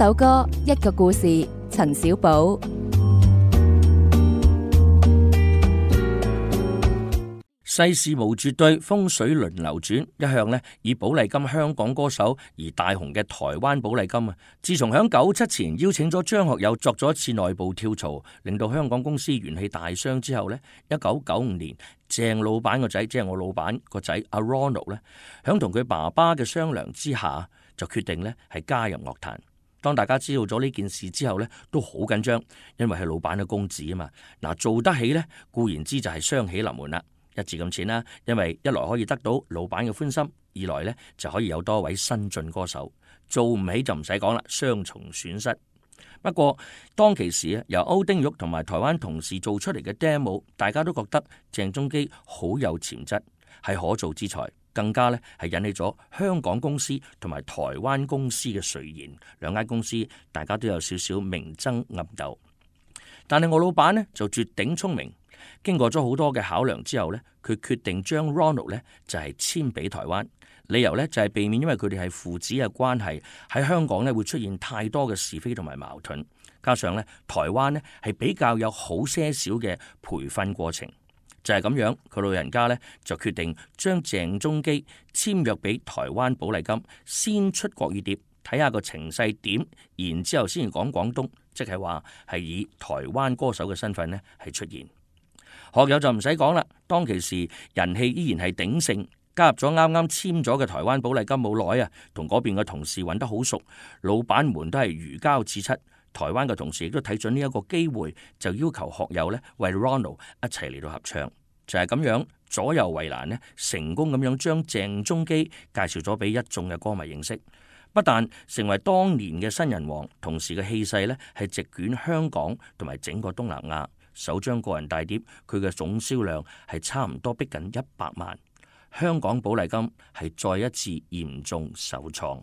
一首歌，一個故事，陳少寶。世事無絕對，風水輪流轉。一向咧以寶麗金香港歌手而大紅嘅台灣寶麗金啊，自從響九七前邀請咗張學友作咗一次內部跳槽，令到香港公司元氣大傷之後咧，一九九五年鄭老闆個仔，即係我老闆個仔阿 Ronald 咧，響同佢爸爸嘅商量之下，就決定咧係加入樂壇。當大家知道咗呢件事之後呢都好緊張，因為係老闆嘅公子啊嘛。嗱做得起呢，固然之就係雙喜臨門啦，一字咁錢啦，因為一來可以得到老闆嘅歡心，二來呢就可以有多位新晉歌手做唔起就唔使講啦，雙重損失。不過當其時啊，由歐丁玉同埋台灣同事做出嚟嘅 demo，大家都覺得鄭中基好有潛質，係可造之材。更加咧係引起咗香港公司同埋台灣公司嘅垂涎，兩間公司大家都有少少明爭暗鬥。但係我老闆呢，就絕頂聰明，經過咗好多嘅考量之後呢，佢決定將 Ronald 呢，就係簽俾台灣，理由呢，就係避免因為佢哋係父子嘅關係，喺香港呢會出現太多嘅是非同埋矛盾，加上呢，台灣呢，係比較有好些少嘅培訓過程。就係咁樣，佢老人家呢就決定將鄭中基簽約俾台灣寶麗金，先出國語碟，睇下個情勢點，然之後先嚟講廣東，即係話係以台灣歌手嘅身份呢係出現。學友就唔使講啦，當其時人氣依然係鼎盛，加入咗啱啱簽咗嘅台灣寶麗金冇耐啊，同嗰邊嘅同事揾得好熟，老闆們都係如膠似漆。台灣嘅同事亦都睇準呢一個機會，就要求學友呢為 Ronald 一齊嚟到合唱，就係、是、咁樣左右為難咧，成功咁樣將鄭中基介紹咗俾一眾嘅歌迷認識，不但成為當年嘅新人王，同時嘅氣勢呢係席捲香港同埋整個東南亞，首張個人大碟佢嘅總銷量係差唔多逼近一百萬，香港寶麗金係再一次嚴重受創。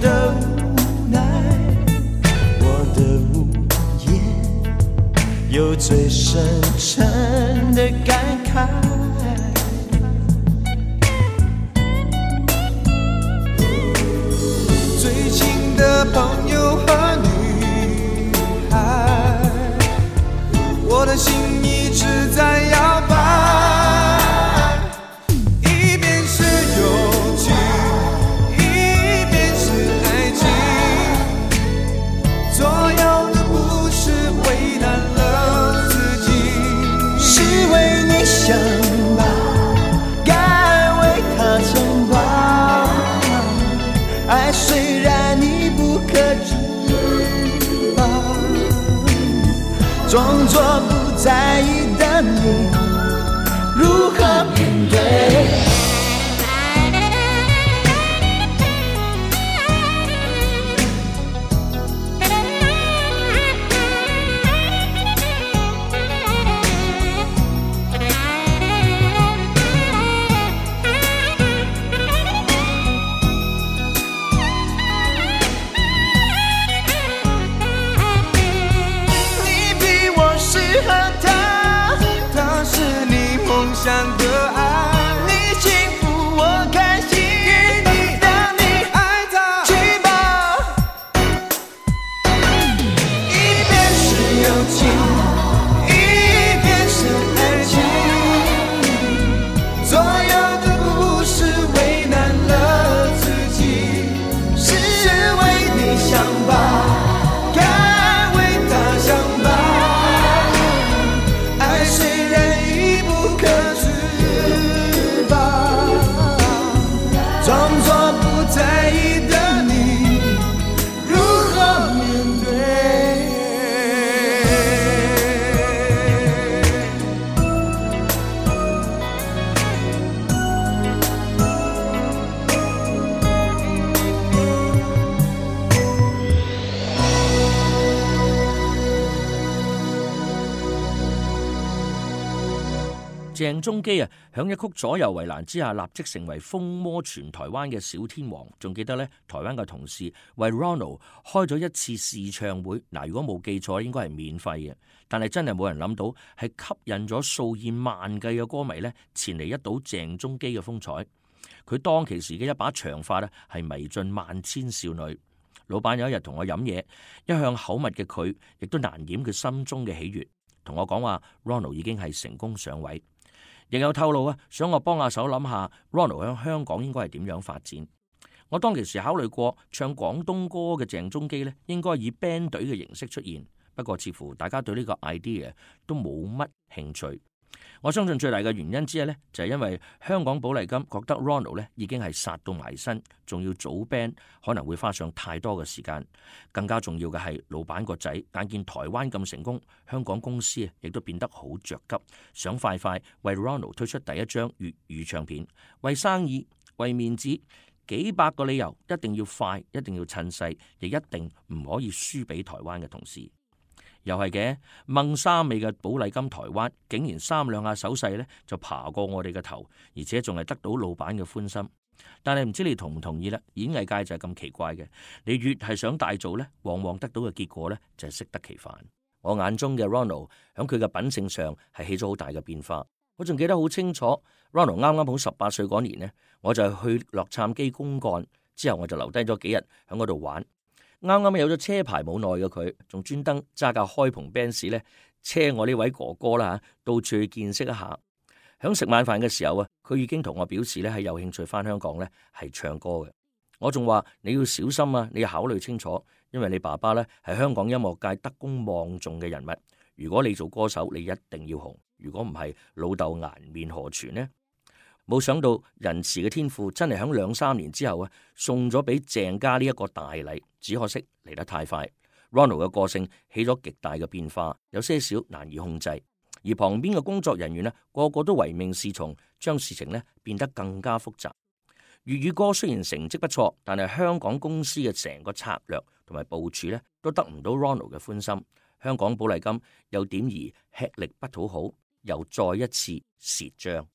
的無奈，我的無言，有最深沉的感慨。鄭中基啊，響一曲左右為難之下，立即成為風靡全台灣嘅小天王。仲記得咧，台灣嘅同事為 Ronald 開咗一次試唱會，嗱，如果冇記錯，應該係免費嘅。但係真係冇人諗到，係吸引咗數以萬計嘅歌迷咧，前嚟一睹鄭中基嘅風采。佢當其時嘅一把長發咧，係迷盡萬千少女。老闆有一日同我飲嘢，一向口密嘅佢，亦都難掩佢心中嘅喜悦，同我講話、啊、Ronald 已經係成功上位。亦有透露啊，想我幫下、啊、手諗下 Ronald 喺香港應該係點樣發展。我當其時考慮過唱廣東歌嘅鄭中基咧，應該以 band 隊嘅形式出現，不過似乎大家對呢個 idea 都冇乜興趣。.我相信最大嘅原因之一呢，就係因為香港寶麗金覺得 Ronald 呢已經係殺到埋身，仲要組 band，可能會花上太多嘅時間。更加重要嘅係，老闆個仔眼見台灣咁成功，香港公司啊亦都變得好着急，想快快為 Ronald 推出第一張粵語唱片，為生意、為面子，幾百個理由一定要快，一定要趁勢，亦一定唔可以輸俾台灣嘅同事。又係嘅，孟三味嘅寶麗金台灣竟然三兩下手勢咧就爬過我哋嘅頭，而且仲係得到老闆嘅歡心。但係唔知你同唔同意咧？演藝界就係咁奇怪嘅，你越係想大做咧，往往得到嘅結果咧就係、是、適得其反。我眼中嘅 Ronald 喺佢嘅品性上係起咗好大嘅變化。我仲記得好清楚，Ronald 啱啱好十八歲嗰年咧，我就去洛杉磯公幹，之後我就留低咗幾日喺嗰度玩。啱啱有咗車牌冇耐嘅佢，仲專登揸架開篷 Benz 咧，車我呢位哥哥啦，吓，到處去見識一下。響食晚飯嘅時候啊，佢已經同我表示咧，係有興趣翻香港咧，係唱歌嘅。我仲話，你要小心啊，你要考慮清楚，因為你爸爸咧，係香港音樂界德高望重嘅人物。如果你做歌手，你一定要紅，如果唔係，老豆顏面何存呢？冇想到仁慈嘅天父真係響兩三年之後啊，送咗俾鄭家呢一個大禮。只可惜嚟得太快，Ronald 嘅個性起咗極大嘅變化，有些少難以控制。而旁邊嘅工作人員呢，個個都唯命是從，將事情呢變得更加複雜。粵語歌雖然成績不錯，但係香港公司嘅成個策略同埋部署呢，都得唔到 Ronald 嘅歡心。香港寶麗金有點兒吃力不討好，又再一次蝕賬。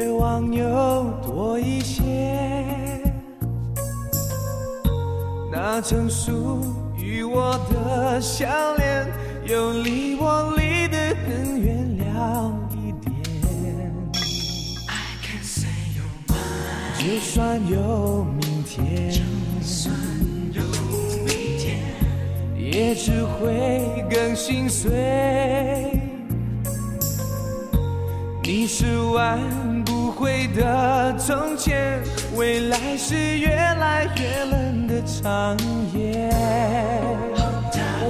絕望又多一些，那曾屬於我的相戀，又離我離得很遠了一點。就算有明天，就算有明天，也只會更心碎。你是萬。回的從前，未來是越來越冷的長夜。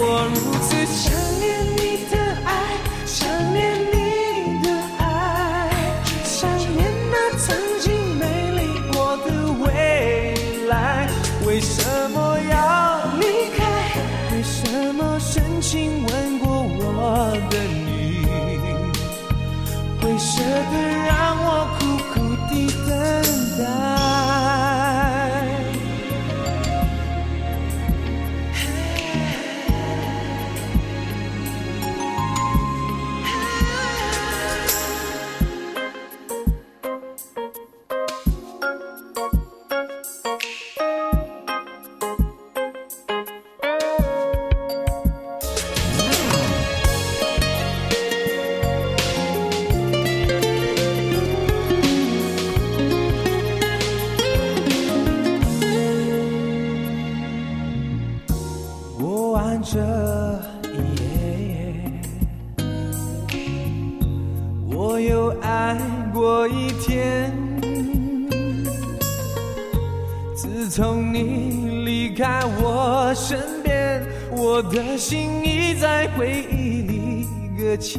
我過完這一夜，我，yeah, yeah，我又愛過一天。自從你離開我身邊，我的心已在回憶裏擱淺。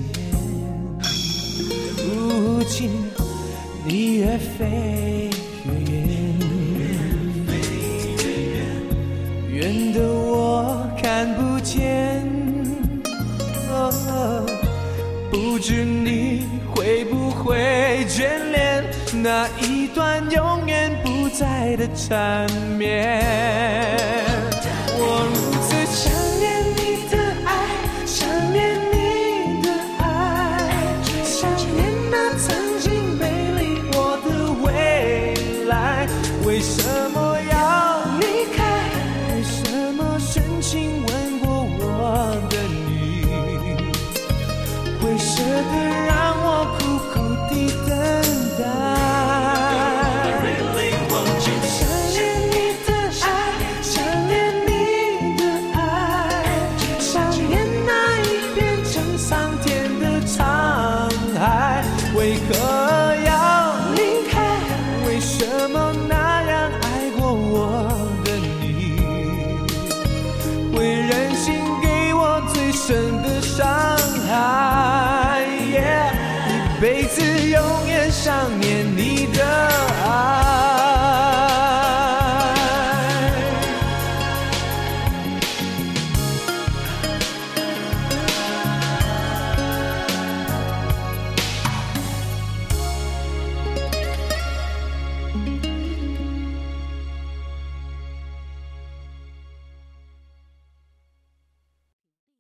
如今你越飛越遠，遠得我不知你會不會眷戀那一段永遠不再的纏綿。想念你的。